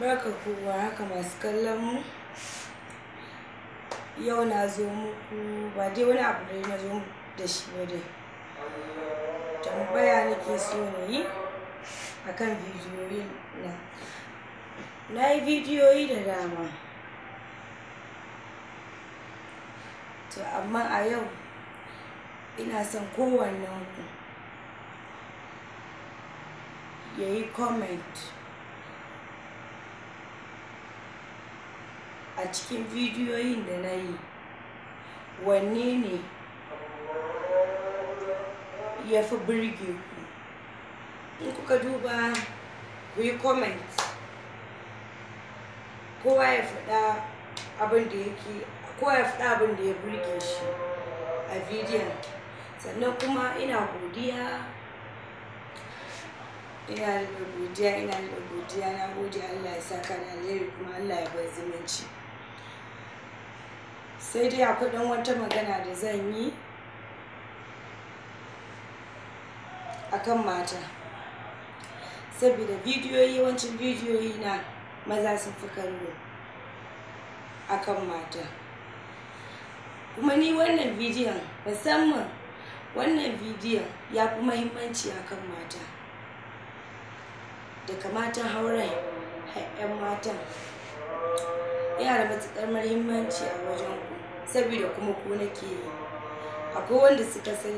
barka kowa haka masu kallon mu yau na zo muku ba dai wani abu da na zo da shi ba dai tambaya nake so ne yi a kan bidiyoyi na na yi bidiyoyi da dama to amma a yau ina son kowannen ku ya yi comment a cikin bidiyoyin da na yi wanne ne ya fi birge ku in kuka duba ku yi comment kowa ya faɗa abin da yake kowa ya faɗa abin da ya birge shi a bidiyon sannan kuma ina godiya ina da godiya ina da godiya na gode Allah ya saka na alheri kuma Allah ya bar zumunci sai dai akwai ɗan wata magana da zan yi akan mata saboda bidiyoyi yawancin bidiyoyi na maza sun fi kallo akan mata kuma ni wannan bidiyon musamman wannan bidiyon ya fi mahimmanci akan mata da kamata hauren 'yan matan yana da matuƙar muhimmanci a wajen saboda kuma ku nake yi akwai wanda suka sani